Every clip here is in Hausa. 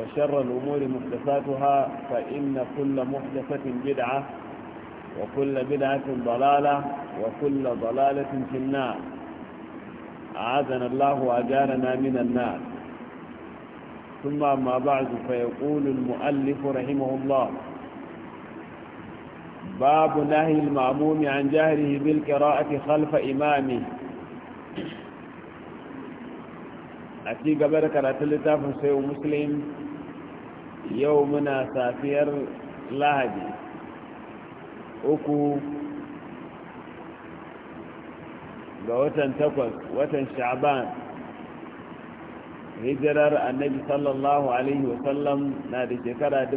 وشر الأمور محدثاتها فإن كل محدثة بدعة وكل بدعة ضلالة وكل ضلالة في النار أعاذنا الله وأجارنا من النار ثم ما بعد فيقول المؤلف رحمه الله باب نهي المأموم عن جهره بالقراءة خلف إمامه a gaba da karatun littafin sayo muslim yau muna safiyar lahadi uku ga watan takwas watan sha'ban hijirar annabi sallallahu alaihi wasallam na da shekara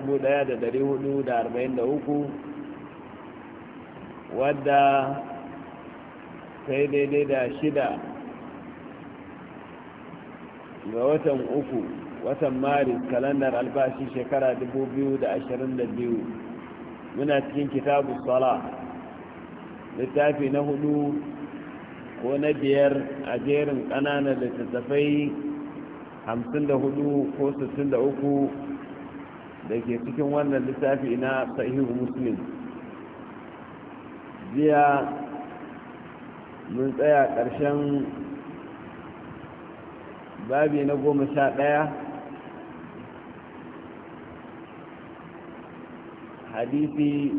uku, wadda sai daidai da shida ga watan uku watan maris kalandar albashi shekara 2022 muna cikin kitabu sala littafi na hudu ko na biyar a jerin ƙananan littattafai 54 ko 63 da ke cikin wannan littafi na sahihu muslim jiya mun tsaya ƙarshen babi na goma sha ɗaya hadisi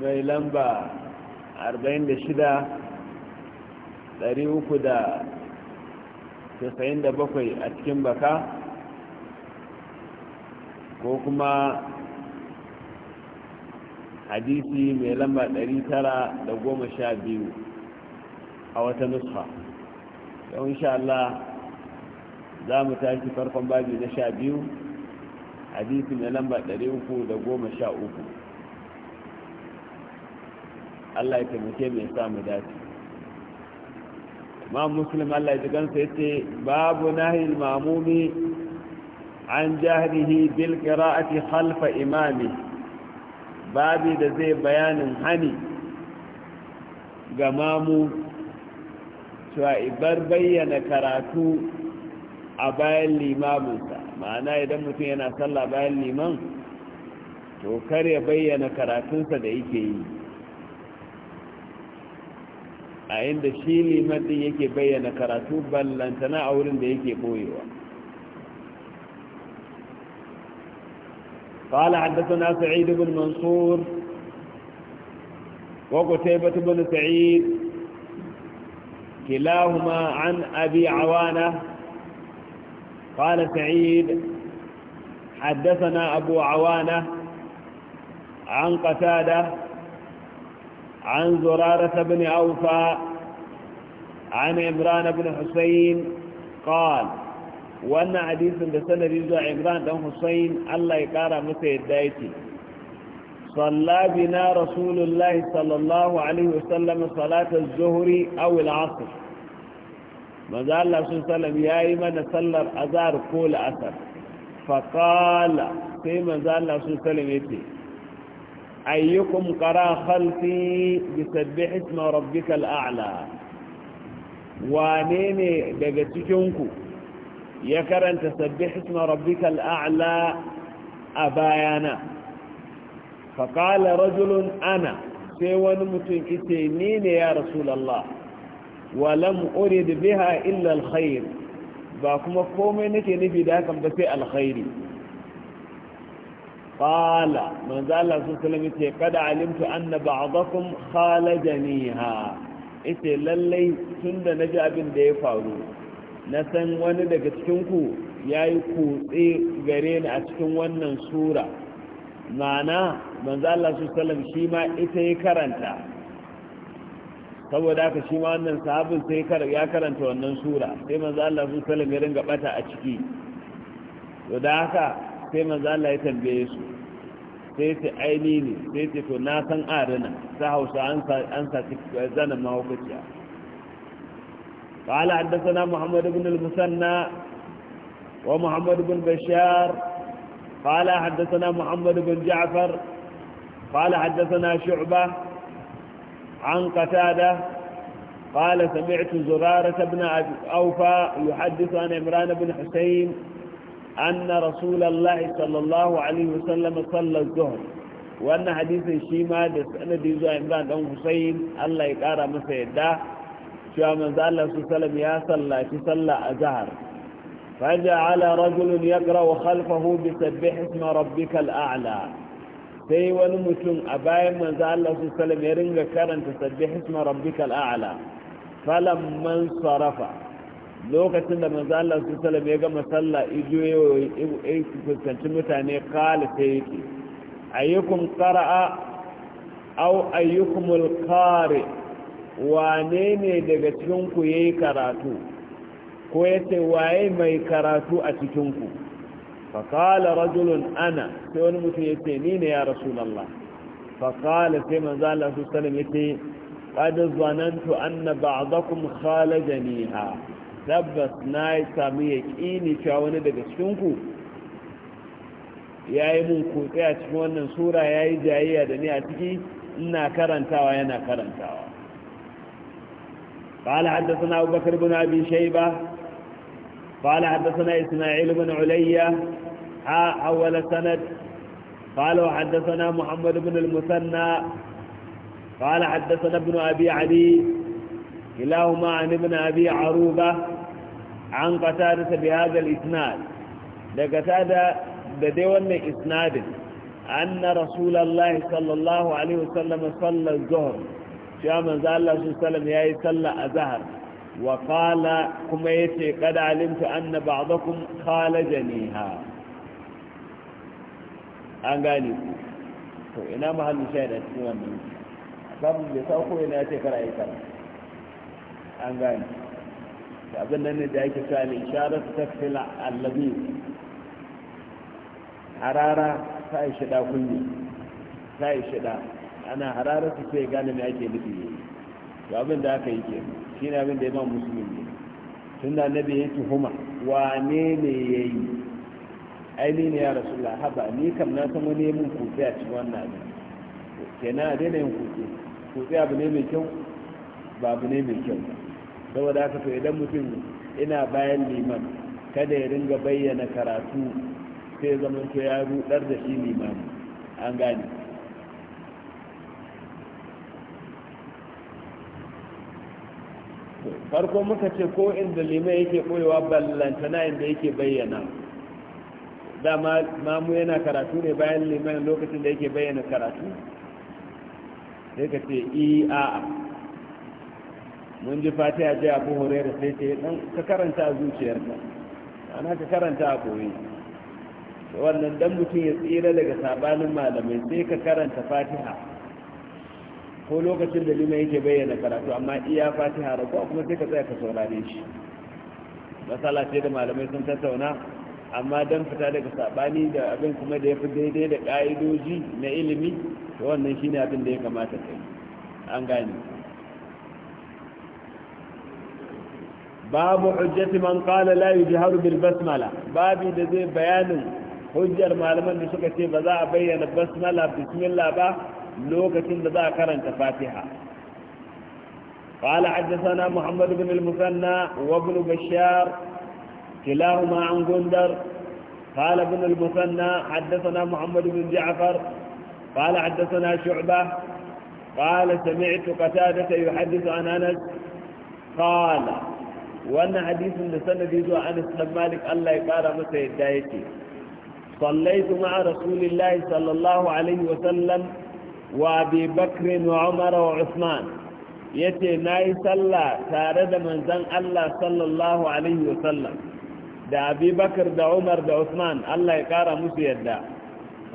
mai lamba arba'in da shida ɗari uku da tasa'in da bakwai a cikin baka ko kuma hadisi mai lamba ɗari tara da goma sha biyu a wata nusfa yau insha Allah za mu tashi farkon babi na sha biyu hadisi na lamba ɗari uku da goma sha uku Allah ya taimake mai sa mu dace ma muslim Allah ya jigansa ya ce babu al mamumi an jahrihi bil qira'ati khalf imami babi da zai bayanin hani ga mamu cewa ibar bayyana karatu a bayan limaminsa ma'ana idan mutum yana sallah bayan liman to kar ya bayyana karatunsa da yake yi a inda shi liman ɗin yake bayyana karatu ballantana a wurin da yake ɓoyewa قال حدثنا سعيد بن منصور وقتيبة بن سعيد كلاهما عن أبي عوانة قال سعيد حدثنا أبو عوانة عن قتادة عن زرارة بن أوفى عن عمران بن حسين قال وأن حديث بسنة رجوع عمران بن حسين الله يقارى متى يدايتي صلى بنا رسول الله صلى الله عليه وسلم صلاة الزهري أو العصر ماذا قال الله صلى الله عليه وسلم يا إيمان صلى الأزار قول أثر فقال في قال الله صلى الله عليه وسلم يتي أيكم قرى خلفي بسبح اسم ربك الأعلى وانيني دقتكنكو يكرا تسبح اسم ربك الأعلى أبايانا faƙala rajulun ana sai wani mutum ita ni ne ya rasulallah walam da biha illa alkhair ba kuma komai nake nufi da hakan ba sai alkhairi Ƙala, Manzala sun salami ce kada alimtu anna ba'dakum khalajaniha ita lallai tunda ji abin da ya faru na san wani daga cikin ya yi kutse gare ni a cikin wannan sura mana. manzo Allah su sallam shi ma ita ya karanta saboda haka shi ma wannan sahabin sai ya karanta wannan sura sai manzo Allah su sallam ya ringa bata a ciki to da haka sai manzo Allah ya tambaye su sai ce aini ne sai ce to na san arina ta hausa an sa ma eh, mahaukaciya قال حدثنا محمد بن المثنى ومحمد بن بشار قال حدثنا محمد بن جعفر قال حدثنا شعبة عن قتادة قال سمعت زرارة بن أوفى يحدث عن عمران بن حسين أن رسول الله صلى الله عليه وسلم صلى الظهر وأن حديث الشيما أن ديزو عمران بن حسين الله يقارى مسيدا شو من ذا الله صلى الله عليه وسلم يا صلى صلى أزهر فجعل رجل يقرأ خلفه بسبح اسم ربك الأعلى sai wani mutum a bayan manzo Allah su salam ya ringa karanta sabbih isma rabbikal a'la falam man sarafa lokacin da manzo Allah su salam ya gama sallah ijo ya fuskanci mutane kala sai yake ayyukum qara'a aw ayyukumul qari wane ne daga cikin ku yayi karatu ko yace waye mai karatu a cikin ku faƙala rajulun ana sai wani mutum ya ce ni ne ya rasulallah fakala sai maza Allah su salam ya ce qad zanantu anna ba'dakum ha, tabbas na yi sami yaqini cewa wani daga cikin ku yayi mun kutse a cikin wannan sura yayi jayayya da ni a ciki ina karantawa yana karantawa قال حدثنا أبو بكر بن أبي شيبة قال حدثنا إسماعيل بن علي أول سند قال وحدثنا محمد بن المثنى قال حدثنا ابن أبي علي كلاهما عن ابن أبي عروبة عن قتادة بهذا الإسناد لقتادة بدون إسناد أن رسول الله صلى الله عليه وسلم صلى الظهر شاء من ذا الله صلى الله عليه وسلم يا صلى الظهر wa qala kuma yace kad alimtu anna ba'dakum khalajaniha an gane ku to ina mahallu shayar a cikin wannan babu da ko ina ce kar ayi kar an gane da abin nan ne da yake cewa al-isharat tafsil allazi harara ta yi shida kunni ta yi shida ana harara su sai gane me ake nufi to abin da aka yi kenan shi ne abin da imam muslim ne tun da annabi ya tuhuma wane ne ya yi ai ni ne ya rasulullah haba ni kam na san wani mun kofi a cikin wannan abin kenan a daina yin kofi Kofi abu ne mai kyau ba abu ne mai kyau saboda haka to idan mutum ina bayan liman kada ya ringa bayyana karatu sai zaman to ya rudar da shi liman, an gane farko muka ce ko inda limai yake koyewa na inda yake bayyana dama mamu yana karatu ne bayan liman lokacin da yake bayyana karatu sai ka ce a'a e, mun ji fatiha ji abu horera sai ce dan ka karanta a zuciyarka ana ka karanta a koyi wannan dan mutum ya tsira daga sabanin malamai sai ka karanta fatiha ko lokacin da lima yake bayyana karatu amma iya fatiha da ko kuma sai ka tsaya ka saurare shi masala ce da malamai sun tattauna amma don fita daga sabani da abin kuma da ya fi daidai da ƙa'idoji na ilimi to wannan shi ne abin da ya kamata kai an gane babu hujjati man qala la yujharu bil basmala babi da zai bayanin hujjar malaman da suka ce ba za a bayyana basmala bismillah ba lokacin da za a karanta fatiha قال حدثنا محمد بن المثنى وابن بشار كلاهما عن جندر قال ابن المثنى حدثنا محمد بن جعفر قال حدثنا شعبة قال سمعت قتادة يحدث عن أنس قال وأن حديث لسنة يزوى أنس بن مالك الله يقال مسيد دايتي صليت مع رسول الله صلى الله عليه وسلم wa abi bakr wa umar wa usman yace nayi sallah tare da manzon Allah sallallahu alaihi wa sallam da abi bakr da umar da usman Allah ya kara musu yadda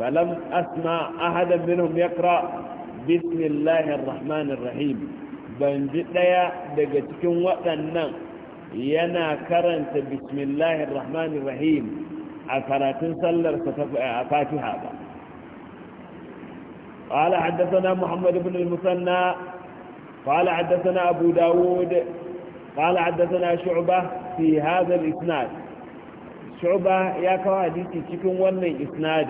falam asma ahadan minhum yaqra bismillahir rahmanir rahim ban ji daya daga cikin waɗannan yana karanta bismillahir rahmanir rahim a karatun sallar a fatiha ba قال حدثنا محمد بن المثنى قال حدثنا أبو داود قال حدثنا شعبة في هذا الإسناد شعبة يكوى حديثي تكون ونن إسناد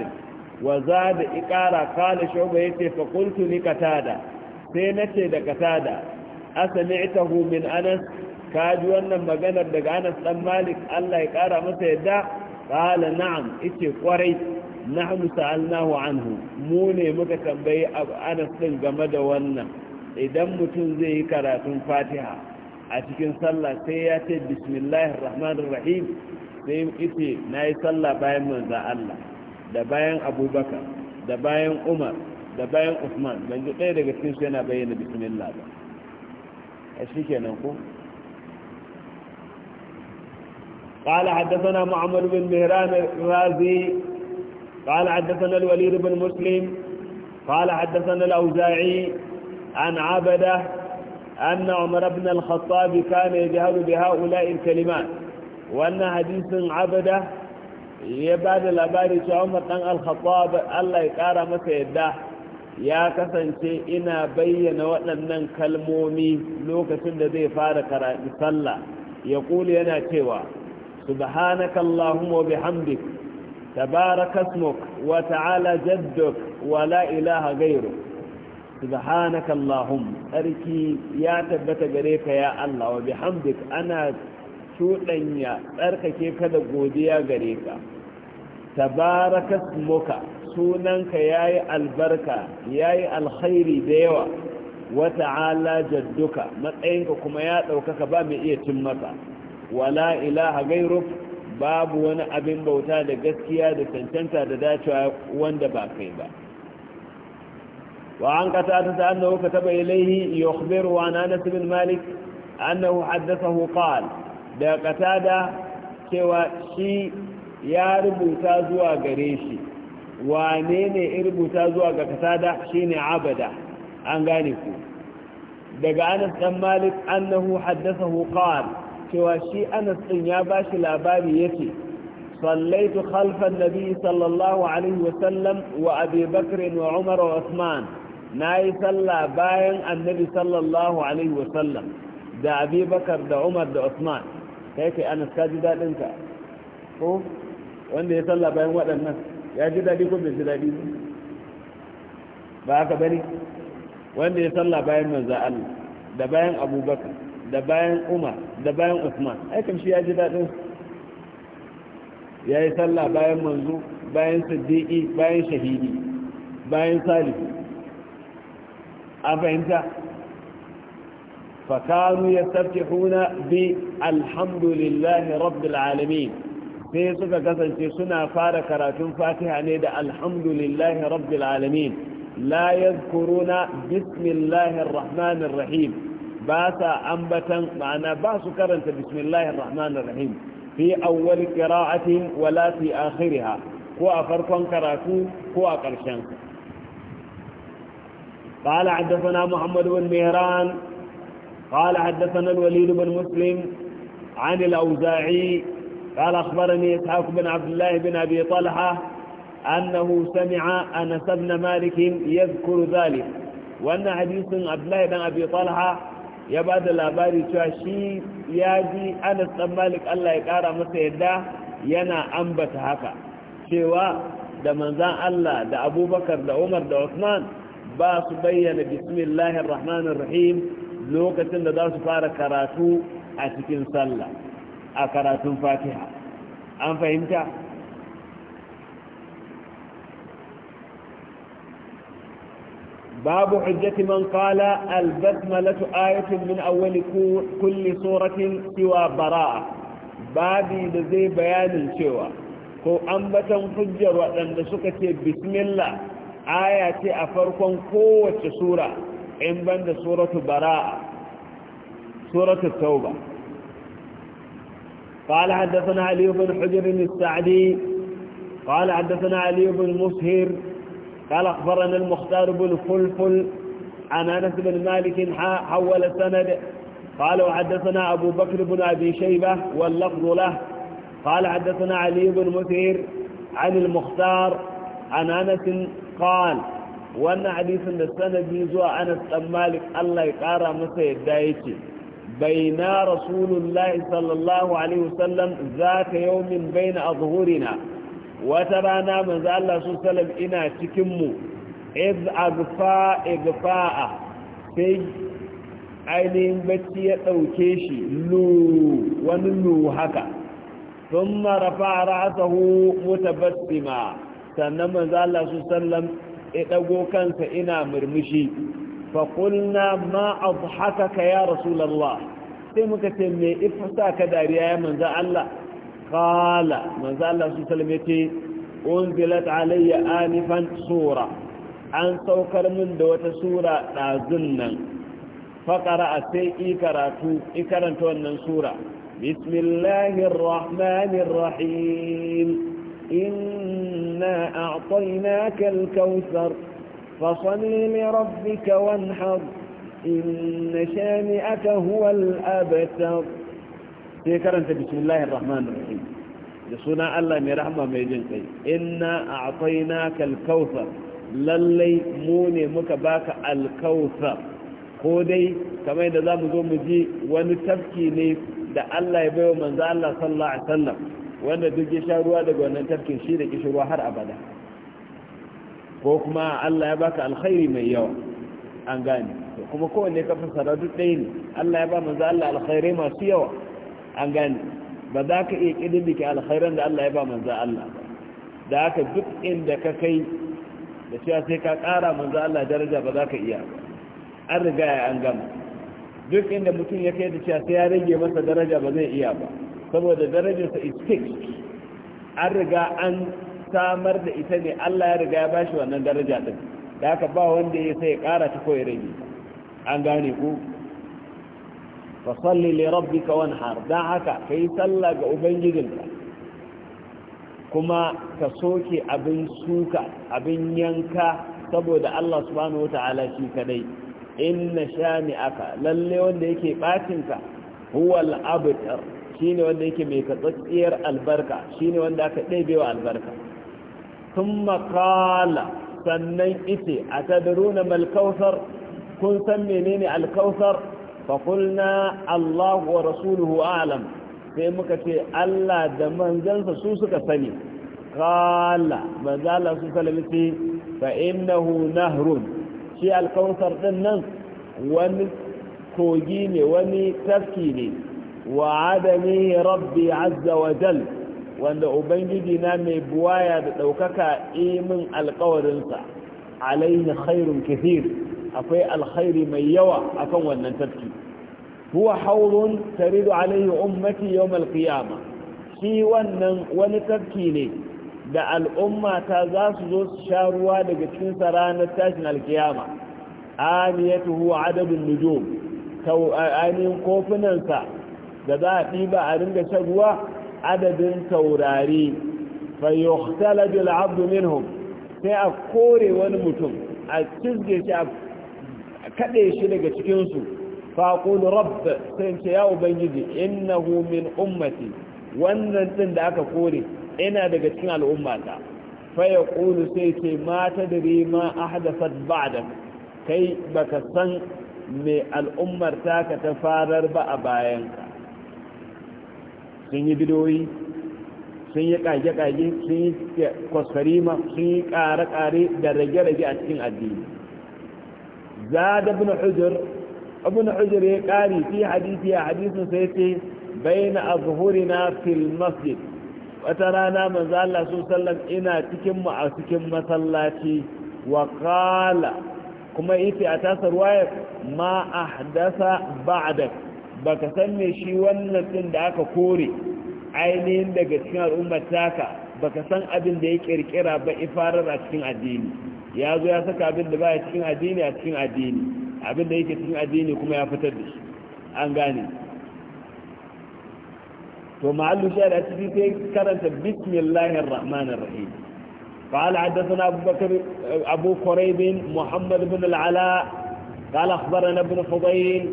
وزاد إقارة قال شعبة يتي فقلت لكتادة سينتي لكتادة أسمعته من أنس kaji wannan maganar daga anas dan malik allah ya kara masa yadda kala na'am ita kwarai nahnu sa'alnahu anhu mu ne muka tambayi Anas din game da wannan idan mutum zai yi karatun Fatiha a cikin sallah sai ya ce bismillahir rahmanir rahim sai ce nayi sallah bayan manzo Allah da bayan Abubakar da bayan Umar da bayan Usman ban ji ɗaya daga cikin su yana bayyana bismillah ba a shikenan ko قال حدثنا معمر بن مهران الرازي قال حدثنا الوليد بن مسلم قال حدثنا الأوزاعي عن عبده أن عمر بن الخطاب كان يجهل بهؤلاء الكلمات وأن حديث عبده يبعد الأباري عمر بن الخطاب الله يقار مسيده ya kasance ina bayyana waɗannan kalmomi lokacin da zai fara karatu sallah ya kuli yana cewa subhanakallahumma wa bihamdika تبارك اسمك وتعالى جدك ولا إله غيرك سبحانك اللهم أركي يا تبت غريك يا الله وبحمدك أنا شوطنيا أركك كذا قوديا غريك تبارك اسمك سوننك يا البركة يا الخير ديوة وتعالى جدك مطعينك كما يا توكك بامي إيه تمتا ولا إله غيرك babu wani abin bauta da gaskiya da cancanta da dacewa wanda ba kai ba wa an kata ta ta annahu ka taba ilaihi yukhbiru wa anas bin malik annahu haddathahu qal da qatada cewa shi ya rubuta zuwa gare shi wane ne ya rubuta zuwa ga qatada shine abada an gane ku daga anas bin malik annahu haddathahu qal cewa shi anas ɗin ya ba shi labari ya ce sallaitu khalfan nabi sallallahu alaihi wasallam wa abi bakrin wa umar wa usman na yi sallah bayan annabi sallallahu alaihi wasallam da abi bakar da umar da usman kai kai anas ka ji daɗinka ko wanda ya sallah bayan waɗannan ya ji daɗi ko bai ji daɗi ba haka bane wanda ya sallah bayan manzo Allah da bayan abubakar da bayan umar da bayan usman aikin shi ya ji daɗin ya yi sallah bayan manzo bayan siddiƙi bayan shahidi bayan salihu a fahimta fakanu ya huna bi alhamdulillahi rabbil alamin sai suka kasance suna fara karatun fatiha ne da alhamdulillahi rabbil alamin la yadhkuruna bismillahir rahmanir rahim باسا أنبتا معنا ma'ana كرنت بسم الله الرحمن الرحيم في أول قراءة ولا في آخرها هو ko كراتو هو karatu قال حدثنا محمد بن مهران قال حدثنا الوليد بن مسلم عن الأوزاعي قال أخبرني إسحاق بن عبد الله بن أبي طلحة أنه سمع أنس بن مالك يذكر ذلك وأن حديث عبد الله بن أبي طلحة ya ba da labari cewa shi ya ji anas ɗan malik Allah ya ƙara masa yadda yana ambata haka cewa da manzan Allah da abubakar da umar da usman ba su bayyana bismillahir rahmanir rahim lokacin da za su fara karatu a cikin sallah a karatun fatiha an fahimta باب حجة من قال البسملة آية من أول كل صورة سوى براءة باب ذي بيان شوى ko ambatan hujjar wadanda suka ce bismillah aya ce a farkon kowace sura in banda suratu baraa suratu tauba qala hadathana ali ibn hujr al-sa'di qala hadathana mushir قال أخبرنا المختار بن فلفل عن أنس بن مالك حول سند قال وحدثنا أبو بكر بن أبي شيبة واللفظ له قال حدثنا علي بن مثير عن المختار عن أنس قال وأن حديث السند يزوى أنس بن مالك الله يقارى مسيد دايتي بين رسول الله صلى الله عليه وسلم ذات يوم بين أظهرنا wata rana manzo Allah su salam ina cikin mu iz agfa igfa'a sai ainihin bacci ya dauke shi lu wani lu haka thumma rafa'a ra'sahu mutabassima sannan manzo Allah su sallam ya dago kansa ina murmushi fa qulna ma adhakaka ya rasulullah sai muka ce me ifsa ka dariya ya manzo Allah قال من ذا الله عليه سلمتي أنزلت علي آنفا سورة عن سوكر من دوت سورة نازلنا فقرأ سيئي كراتو إكرانتو أنن سورة بسم الله الرحمن الرحيم إنا أعطيناك الكوثر فصلي لربك وانحر إن شامئك هو الأبتر sai karanta bismillahir rahmanir rahim da suna Allah mai rahama mai jin kai inna a'tainaka al-kautsar lallai mu ne muka baka al-kautsar ko dai kamar da zamu zo mu ji wani tafki ne da Allah ya baiwa manzo Allah sallallahu alaihi wasallam wanda duk ya sha ruwa daga wannan tafkin shi da kishi ruwa har abada ko kuma Allah ya baka alkhairi mai yawa an gane kuma kowanne ka fassara duk ɗaya ne Allah ya ba manzo Allah alkhairai masu yawa an gane ba za ka iya ke alkhairan da Allah ya ba manza Allah da haka duk inda ka kai da cewa sai ka ƙara manza Allah daraja ba za ka iya an riga ya an gama duk inda mutum ya kai da cewa sai ya rage masa daraja ba zai iya ba saboda darajarsa is fixed an riga an samar da ita ne Allah ya riga ya bashi wannan daraja din da haka ba wanda ya sai ya ƙara ta ko ya rage an gane ku fa salli li rabbika wanhar dan haka kai sallah ga ubangijinka kuma ka soke abin suka abin yanka saboda Allah subhanahu wataala shi kadai inna shani'aka lalle wanda yake batinka huwa al-abtar shine wanda yake mai katsatsiyar albarka shine wanda aka ɗebewa albarka thumma qala sannan ite atadruna mal kawthar kun san menene al faƙulna Allah wa rasuluhu alam sai muka ce Allah da manzansa su suka sani kala manzala su salamisi fa innahu nahrun shi alkawusar ɗin nan wani kogi ne wani tafki ne wa adami rabbi azza wa jal wanda ubangiji na mai buwaya da ɗaukaka imin alkawarinsa alaihi khairun kithir akwai alkhairi mai yawa akan wannan tafki huwa haurun taridu alaihi ummati yawmal qiyama shi wannan wani tafki ne da al'umma ta za su zo su sha ruwa daga cikin sa ranar tashin alkiyama aniyatuhu adadun nujum kofunan sa da za a diba a ringa shan ruwa adadin taurari fayyukhtala bil abdu minhum sai a kore wani mutum a cizge shi a kaɗe shi daga cikinsu faƙulu rabb sai ce ya ubangiji innahu min ummati wannan ɗin da aka kore ina daga cikin al'ummata fa ya ƙulu sai ce ma ta dare ma ahdasat ba'da kai baka san mai al'ummar taka ta farar ba a bayanka sun yi bidoyi sun yi ƙage-ƙage sun yi kwaskarima sun yi ƙare-ƙare da rage-rage a cikin addini zada ibn hujr ibn ya kari fi hadisi a hadisin sai ce baina azhurina fil masjid wata rana manzo Allah su sallam ina cikin a cikin masallaci wa kuma yace a tasar wayar ma ahdasa ba'dak baka san me shi wannan da aka kore ainihin daga cikin al'ummar taka baka san abin da ya kirkira ba ifarar a cikin addini ya zo ya saka abin da baya cikin addini a cikin addini abin da yake cikin addini kuma ya fitar da shi an gane to ma'allu shi da cikin sai karanta bismillahir rahmanir rahim قال حدثنا أبو بكر أبو قريب محمد بن العلاء قال أخبرنا ابن فضيل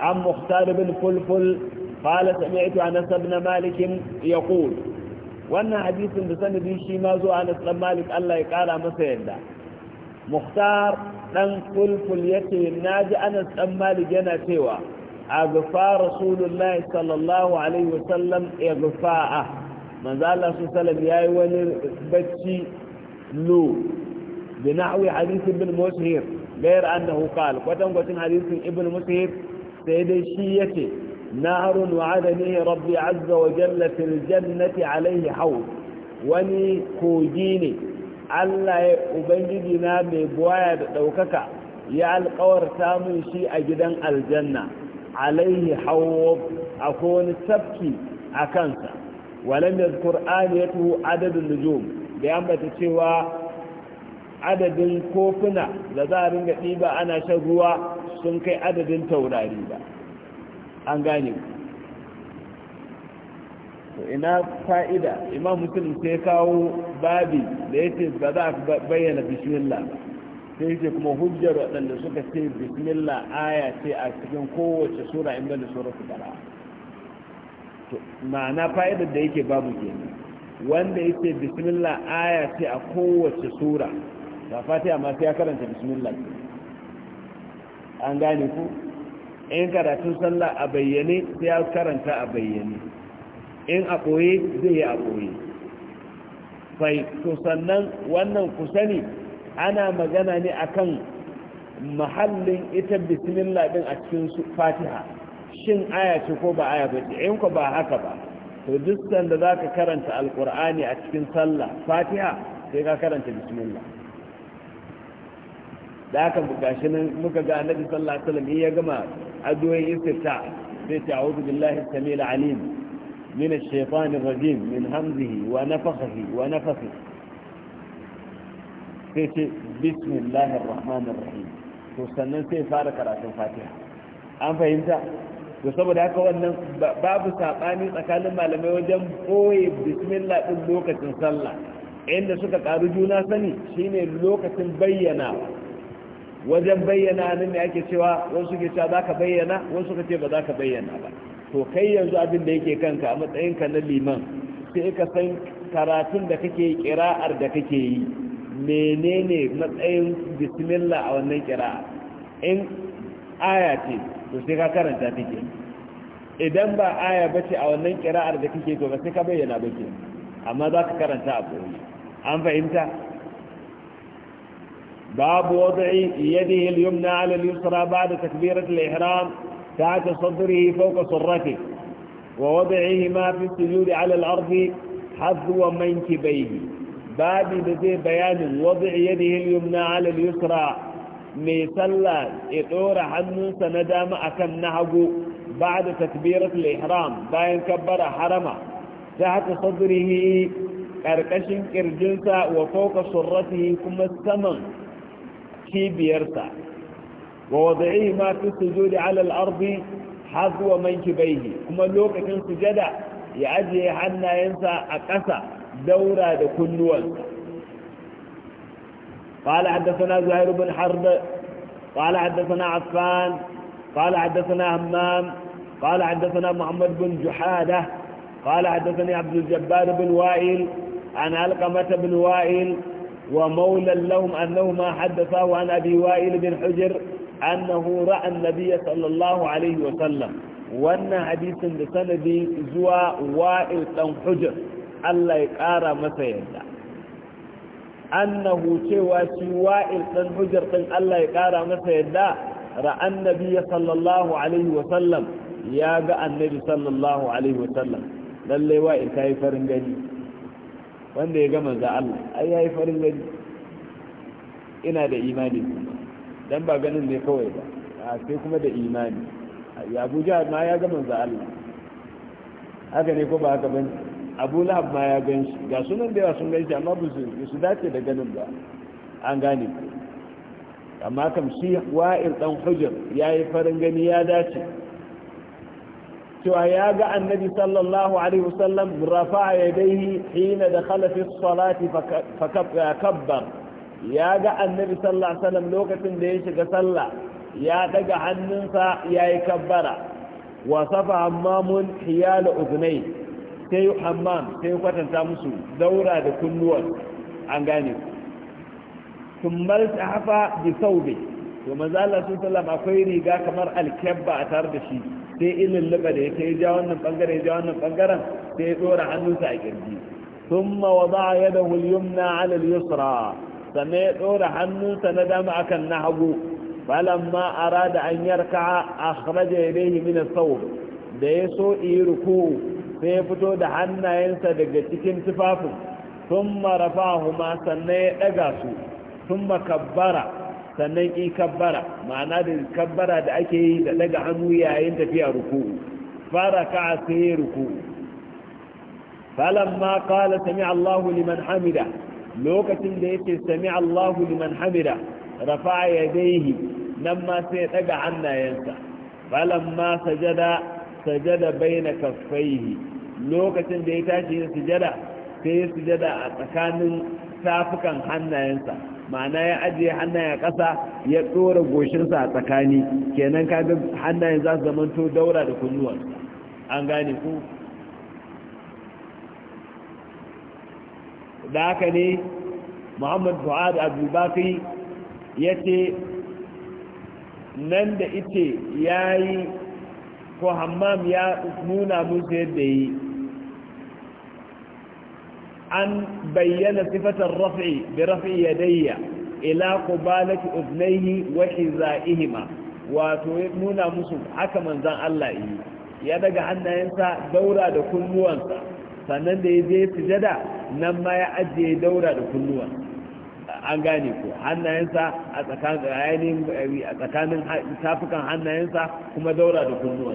عن مختار بن فلفل قال سمعت أنس بن مالك يقول وأن حديث بسند شيماز أنس بن مالك الله يقال مسيدا muhtar dan kulful yace naji anas dan malik yana cewa agfa rasulullahi sallallahu alaihi wasallam ighfa'a manzo Allah su sallam yayi wani bacci lu بنحو حديث ابن مسهر غير أنه قال قدم قتن حديث ابن مسهر سيدي شيتي نهر وعدني ربي عز وجل في الجنة عليه حوض وني كوجيني Allah ya ubangiji na mai buwaya da ɗaukaka ya alƙawarta mun shi a gidan aljanna alaihi hawo a wani tafki a kansa ya yadhkur adadin adadun nujum bai ambata cewa adadin kofuna da za a ringa ɗiba ana shan ruwa sun kai adadin taurari ba an gane ku. ina fa'ida imam mutum sai kawo babi da ya ce ba za a bayyana bismillah ba sai ce kuma hujjar waɗanda suka ce bismillah aya ce a cikin kowace sura in bane sura su bara ma'ana fa'idar da yake babu kenan wanda ya ce bismillah aya ce a kowace sura ba fatiha ma sai ya karanta bismillah an gane ku in karatun sallah a bayyane sai ya karanta a bayyane in a koye zai yi a koye fai to sannan wannan ku sani ana magana ne akan mahallin ita bismillah din a cikin fatiha shin aya ce ko ba aya ba in ko ba haka ba to duk sanda karanta alkur'ani a cikin sallah fatiha sai ka karanta bismillah da aka shi nan muka ga annabi sallallahu alaihi wasallam ya gama addu'o'in istifta sai ta a'udhu billahi samil alim من الشيطان الرجيم من همزه ونفخه ونفخه سيتي بسم الله الرحمن الرحيم وسنن سي فار قراتن فاتحه an fahimta to saboda haka wannan babu sabani tsakanin malamai wajen boye bismillah din lokacin sallah inda suka karu juna sani shine lokacin bayyana wajen bayyana nan ne ake cewa wasu ke cewa zaka bayyana wasu ka ce ba zaka bayyana ba to kai yanzu abin da yake kanka a matsayinka na liman sai ka san karatun da kake kira'ar da kake yi menene matsayin bismillah a wannan kira'a in aya ce to sai ka karanta take idan ba aya bace a wannan kira'ar da kake to ba sai ka bayyana bace amma za ka karanta a koyi an fahimta babu wadai yadihi al-yumna ala al-yusra ba'da takbiratul ihram سعة صدره فوق صرته ووضعهما في السجود على الأرض حذو منكبيه babi da zai bayanin wadda yadihi yumna ala yusra mai sallah ya dora hannunsa na dama akan na hagu ba'da takbirat al-ihram bayan kabbara harama ta haka sadrihi karkashin kirjinsa wa fawqa surratihi kuma saman kibiyarsa ووضعهما في السجود على الأرض حذو منكبيه كما لوك كان سجدا يعجي حنا ينسى أقسى دورة وقت قال حدثنا زهير بن حرب قال حدثنا عفان قال حدثنا همام قال حدثنا محمد بن جحادة قال حدثني عبد الجبار بن وائل عن علقمة بن وائل ومولى لهم أنهما حدثاه عن أبي وائل بن حجر annahu ra'a annabi sallallahu alaihi wa sallam wannan hadisin da sanadi zuwa wa'il dan hujr Allah ya kara masa yadda annahu cewa shi wa'il dan hujr din Allah ya kara masa yadda ra'a annabi alaihi wa sallam ya ga annabi sallallahu alaihi wa sallam lalle wa'il kai farin gani wanda ya Allah farin gani ina da imani dan ba ganin ne kawai ba a sai kuma da imani Ya Abuja ma ya ga manzo Allah haka ne ko ba haka bane abu lahab ma ya gan shi ga sunan da yawa sun gan shi amma ba su dace da ganin ba an gane amma kam shi wa'il dan hujjar ya yi farin gani ya dace cewa ya ga annabi sallallahu alaihi wasallam rafa'a yadayhi hina dakhala fi as-salati fakabbar ya ga annabi sallallahu alaihi wasallam lokacin da ya shiga sallah ya daga hannunsa ya yi kabbara wa safa hammamun hiyala uznai sai hammam sai kwatanta musu daura da kunnuwan an gane sun marta hafa bi saube to manzo Allah sallallahu akwai riga kamar alkebba a tare da shi sai ilin liba da ya ja wannan bangare ya ja wannan bangaren sai ya dora hannunsa a kirji ثم وضع يده اليمنى على اليسرى sannan ya ɗora hannunsa na dama akan na hagu falamma da an yarka akhraja ilayhi min as-sawb da ya so yi ruku sai fito da hannayensa daga cikin tufafi thumma rafa'ahuma sannan ya daga su thumma kabbara sannan ki kabbara ma'ana da kabbara da ake yi da daga hannu yayin tafiya ruku faraka sai ruku falamma qala sami Allahu liman hamida lokacin da yake sami Allahu liman hamida rafa yadayhi nan ma sai ya daga hannayensa falamma sajada sajada baina kaffaihi lokacin da ya tashi yin sujada sai ya sujada a tsakanin tafukan hannayensa ma'ana ya ajiye hannayen ƙasa ya tsora goshinsa a tsakani kenan kaga hannayen za su to daura da kunnuwa an gane ku da haka ne muhammad fu'ad abubakar ya ce nan da ita ya yi ko hammam ya nuna musu yadda yi an bayyana sifatar rafi bi rafi yadayya ila qubalati udnayhi wa hizaihima wato nuna musu haka manzan Allah yi ya daga hannayensa daura da kunnuwansa sannan da ya je sujada nan ma ya ajiye daura da kunnuwa an gane ko hannayensa a tsakanin eh, a tsakanin tafukan hannayensa kuma daura da kunnuwa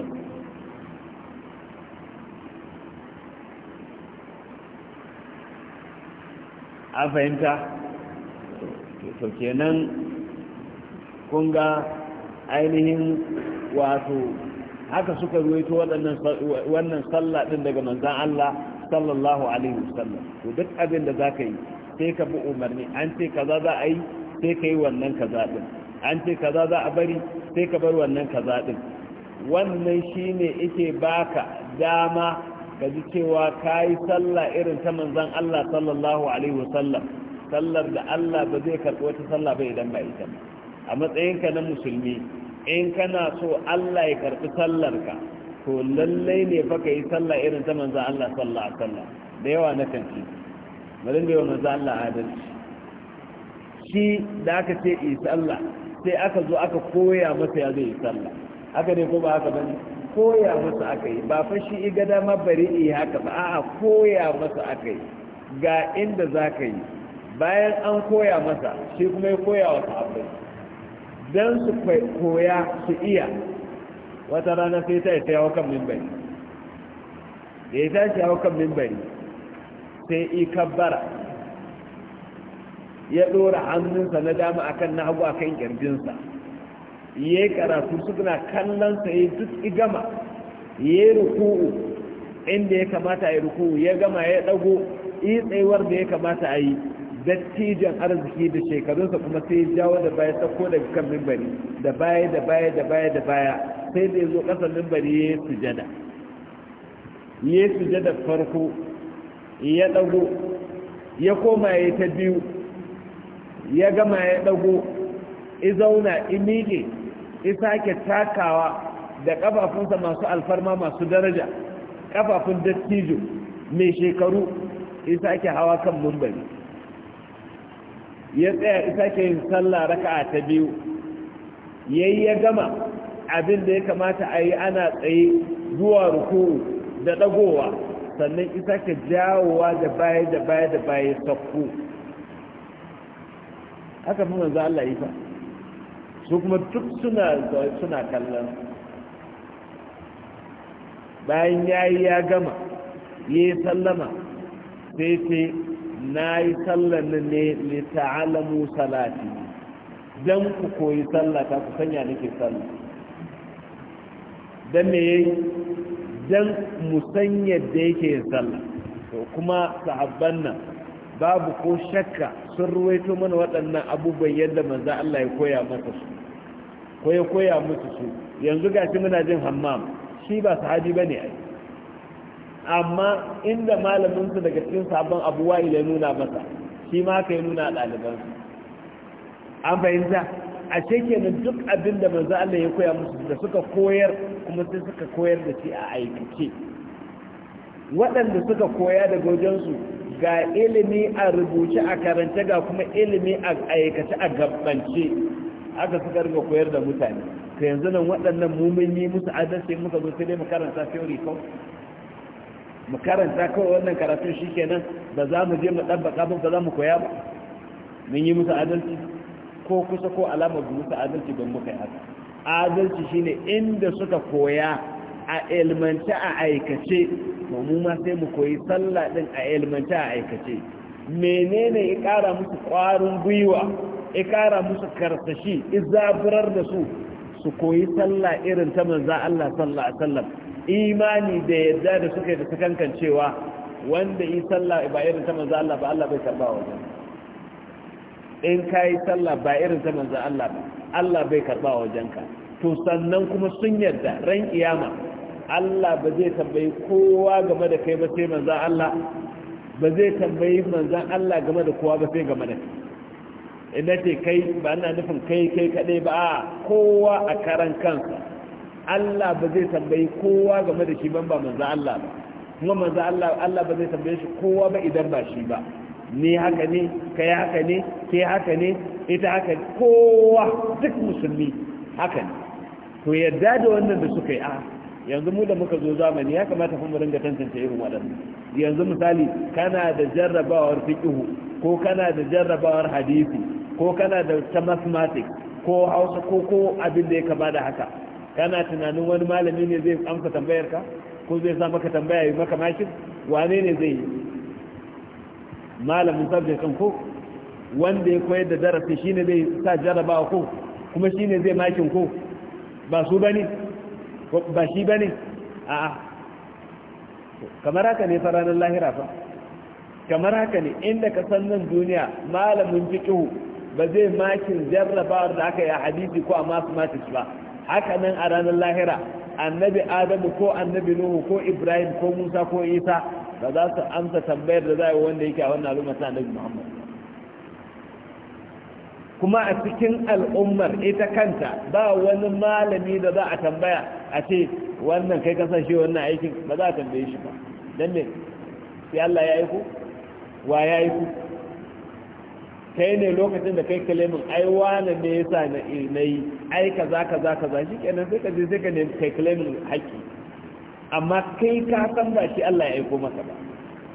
a fahimta to kenan kun ga ainihin wato haka suka ruwaito wannan sallah din daga manzan Allah sallallahu alaihi wasallam to duk abin da zaka yi sai ka bi umarni an ce kaza za a yi sai ka yi wannan kaza din an ce kaza za a bari sai ka bar wannan kaza din wannan shine yake baka dama ka ji cewa kayi sallah irin ta manzon Allah sallallahu alaihi wasallam sallar da Allah ba zai karbi wata sallah ba idan ba ita a matsayinka na musulmi in kana so Allah ya karɓi sallarka to lallai ne fa ka yi sallah irin ta manzan Allah sallah a sallah da yawa na kanci malin da yawa manzan Allah adalci shi da aka ce yi sallah sai aka zo aka koya masa ya zai yi sallah aka ne ko ba haka bane koya masa aka yi ba fa shi iga dama bari yi haka ba a'a koya masa aka yi ga inda za ka yi bayan an koya masa shi kuma ya koya wa sahabbai don su koya su iya wata rana sai ta isa yawon kan mimbari da ya tashi yawon kan mimbari sai i kabbara ya ɗora hannunsa na dama akan na hagu akan kirjinsa ya yi karatu suna kallonsa ya duk igama ya yi ruku'u inda ya kamata a yi ruku'u ya gama ya ɗago yi tsayuwar da ya kamata a yi dattijan arziki da shekarunsa kuma sai jawo da baya sako daga kan mimbari da baya da baya da baya da baya sai da ya zo ƙasar mimbari ya yi sujada ya yi sujada farko ya ɗago ya koma ya ta biyu ya gama ya ɗago ya zauna i miƙe sake takawa da ƙafafunsa masu alfarma masu daraja ƙafafun dattijo mai shekaru ya sake hawa kan mumbari ya tsaya ya sake yin sallah raka'a ta biyu ya yi ya gama abin da ya kamata a yi ana tsaye zuwa ruku da ɗagowa sannan isa ka jawowa da baya da baya da baya sakko haka fi manzo Allah yi fa su kuma duk suna suna kallon bayan yayi ya gama ya yi sallama sai ce na yi sallan ne ta'alamu salati dan ku koyi sallata ku sanya nake sallah don me yayi don musanyar da yake yin sallah to kuma sahabban nan babu ko shakka sun ruwaito mana waɗannan abubuwan yadda manzo Allah ya koya masa su ko ya koya musu su yanzu gashi muna jin hammam shi ba sahabi bane ai amma inda malaminsu daga cikin sabon abuwa ya nuna masa shi ma ka nuna ɗalibansu an fahimta a nan duk abin da manzo Allah ya koya musu da suka koyar kuma sai suka koyar da shi a aikace waɗanda suka koya daga wajensu ga ilimi a rubuce a karanta ga kuma ilimi a aikace a gabbance aka suka riga koyar da mutane ka yanzu nan waɗannan yi musu adalci muka zo sai dai mu karanta theory ko mu karanta kawai wannan karatun shikenan ba za mu je mu ɗabbaka ba za mu koya ba mun yi musu adalci ko kusa ko alamar musu adalci don muka yi haka adalci shine inda suka koya a ilmanta a aikace mu ma sai mu koyi sallah din a ilmanta a aikace menene ya kara musu kwarin gwiwa ya kara musu karsashi izaburar da su su koyi sallah irin ta manza Allah sallah, a wasallam imani da yadda da suka yi da su kankancewa wanda yi sallah ba irin ta manza Allah ba Allah bai karba wajen in ka yi sallah ba irin ta za Allah ba Allah bai karɓa wajenka to sannan kuma sun yarda ran kiyama Allah ba zai tambayi kowa game da kai ba sai manzo Allah ba zai tambayi manzan Allah game da kowa ba sai game da kai ina ce kai ba ana nufin kai kai kaɗai ba a kowa a karan kansa Allah ba zai tambayi kowa game da shi ban ba manzo Allah ba kuma manzo Allah Allah ba zai tambaye shi kowa ba idan ba shi ba ni haka ne kai haka ne ke haka ne ita haka kowa duk musulmi haka ne to yadda da wannan da suka yi a yanzu mu da muka zo zamani ya kamata mu ringa tantance irin waɗannan yanzu misali kana da jarrabawar fiqhu ko kana da jarrabawar hadisi ko kana da ta mathematics ko hausa ko ko abin da ya kama haka kana tunanin wani malami ne zai amsa tambayar ka ko zai sa maka tambaya yi maka makin wane ne zai yi malamin subject kan ko wanda ya koyar da darasi shine zai sa jarabawa ko kuma shine zai makin ko ba su bane ba shi bane a'a kamar haka ne fa ranar lahira fa kamar haka ne inda ka san nan duniya malamin fiqh ba zai makin jarrabawar da aka yi a hadisi ko a masu matis ba haka nan a ranar lahira annabi adamu ko annabi nuhu ko ibrahim ko musa ko isa ba za su amsa tambayar da za a yi wanda yake a wannan al'ummar ta annabi muhammad kuma a cikin al'ummar ita kanta ba wani malami da za a tambaya a ce wannan kai kasan shi wannan aikin ba za a tambaye shi ba don me sai Allah ya yi ku wa ya yi ku kai ne lokacin da kai kalimin ai wane ne yasa na yi ai kaza kaza kaza shi kenan sai ka je sai ka nemi kai min haƙƙi amma kai ka san ba shi Allah ya aiko maka ba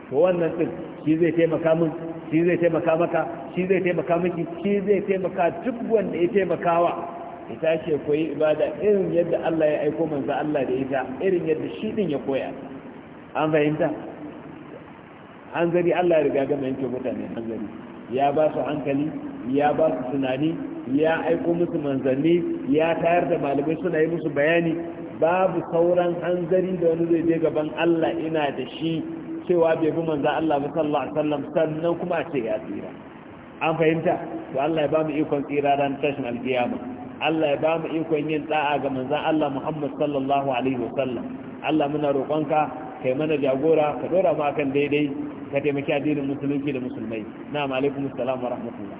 to wannan din shi zai taimaka min shi zai taimaka maka shi zai taimaka miki shi zai taimaka duk wanda ya taimakawa ya tashi koyi ibada irin yadda Allah ya aiko manzo Allah da ita irin yadda shi din ya koya an fahimta gari Allah ya riga mai yanke mutane an gari. ya ba su hankali ya ba su tunani ya aiko musu manzanni ya tayar da malamai suna yi musu bayani babu sauran hanzari da wani zai je gaban Allah ina da shi cewa bai bi manzo Allah ba sallallahu alaihi wasallam sannan kuma a ce ya tsira an fahimta to Allah ya ba mu ikon tsira ran tashin alkiyama Allah ya ba mu ikon yin da'a ga manzo Allah Muhammad sallallahu alaihi wasallam Allah muna roƙonka kai mana jagora ka dora mu akan daidai ka taimaki addinin musulunci da musulmai na'am alaikum assalam wa rahmatullah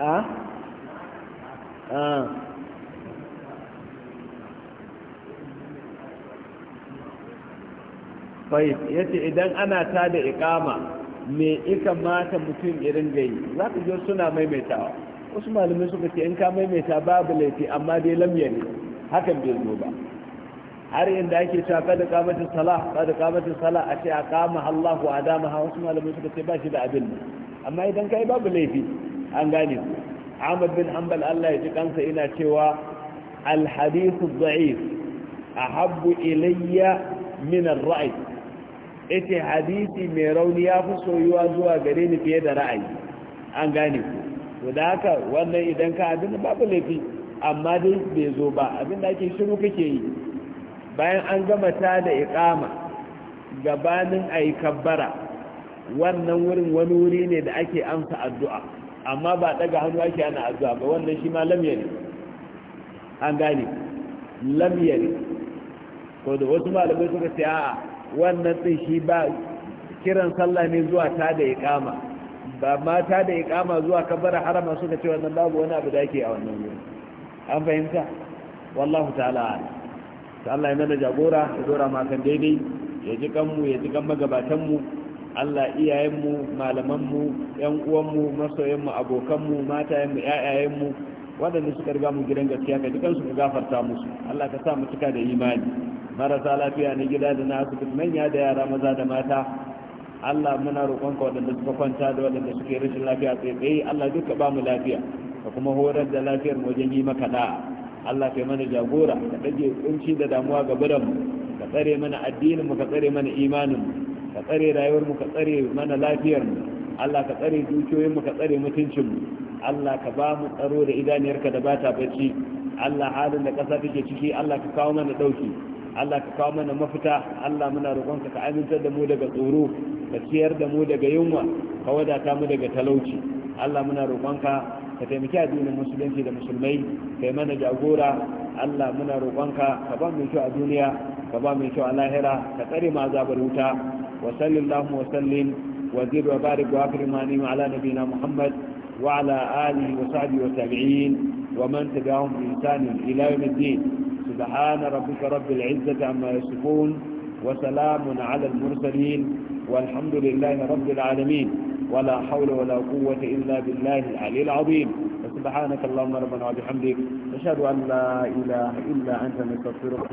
a ah? ah. fahim ya ce idan ana ta da ikama me ika mata mutum irin gayi za ka je suna maimaitawa wasu malamai suka ce in ka maimaita babu laifi amma dai lamya ne hakan bai zo ba har inda ake cewa kada kamatin salah kada kamatin salah a ce a kama Allahu adama ha wasu malamai suka ce ba shi da abin amma idan kai babu laifi an gane ku Ahmad bin Hanbal Allah ya ji kansa ina cewa al hadithu dha'if ahabbu ilayya min ar-ra'i yace hadisi mai rauni ya fi soyuwa zuwa gare ni fiye da ra'ayi an gane ku to da haka wannan idan ka abin babu laifi amma dai bai zo ba abin da ake shiru kake yi bayan an gama ta da iqama gabanin ayi kabbara wannan wurin wani wuri ne da ake amsa addu'a amma ba daga hannu ake ana addu'a ba wannan shi ma lamya ne an gane lamya ne ko da wasu malamai suka ce a'a wannan din shi ba kiran sallah ne zuwa ta da iqama ba ma ta da iqama zuwa kabara harama suka ce wannan babu wani abu da yake a wannan wuri an fahimta wallahu ta'ala ta Allah ya mana jagora ya dora makan daidai ya ji kanmu ya ji kan magabatanmu Allah iyayenmu malamanmu yan uwanmu masoyanmu abokanmu matayenmu ƴaƴayenmu waɗanda suka riga mu gidan gaskiya ka dukansu ka gafarta musu Allah ka sa mu cika da imani marasa lafiya na gida da na asibiti manya da yara maza da mata Allah muna roƙonka waɗanda suka kwanta da waɗanda suke rashin lafiya Sai tsaye Allah duka ba mu lafiya ka kuma horar da lafiyar mu wajen yi maka da Allah kai mana jagora ka ɗage kunci da damuwa ga biranmu ka tsare mana addinin mu ka tsare mana imanin mu ka tsare rayuwar mu ka tsare mana lafiyar mu Allah ka tsare dukiyoyin mu ka tsare mutuncin mu Allah ka ba mu tsaro da idaniyarka da bata bacci Allah halin da ƙasa take ciki Allah ka kawo mana ɗauki Allah ka kawo mana mafita Allah muna roƙonka ka amintar da mu daga tsoro ka ciyar da mu daga yunwa ka wadata mu daga talauci Allah muna roƙonka ka taimaki addinin musulunci da musulmai kai mana jagora Allah muna roƙonka ka ba mu kyau a duniya ka ba mu kyau a lahira ka tsare mu azabar wuta wa sallallahu wa sallim wa zid wa barik wa akrimani ala nabiyina Muhammad wa ala alihi wa sahbihi wa tabi'in ومن تبعهم بإنسان إلى يوم الدين سبحان ربك رب العزة عما يصفون وسلام على المرسلين والحمد لله رب العالمين ولا حول ولا قوة إلا بالله العلي العظيم سبحانك اللهم ربنا وبحمدك نشهد أن لا إله إلا أنت نستغفرك